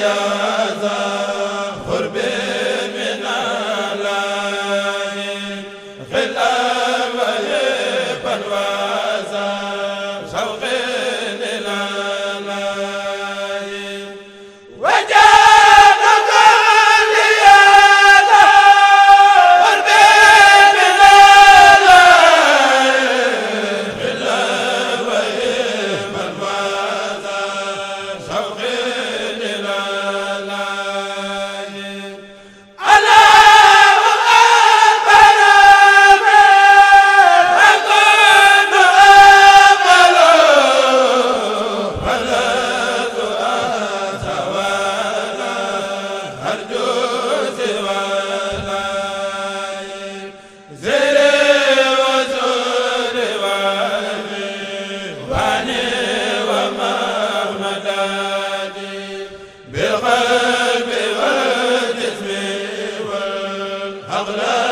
yaa aqla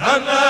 ana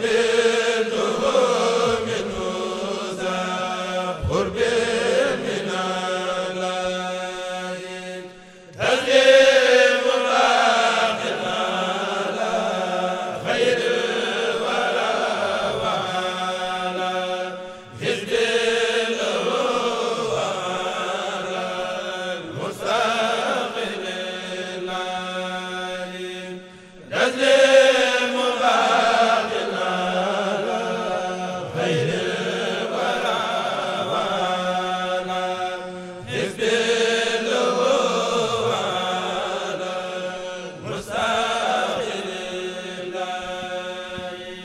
amiin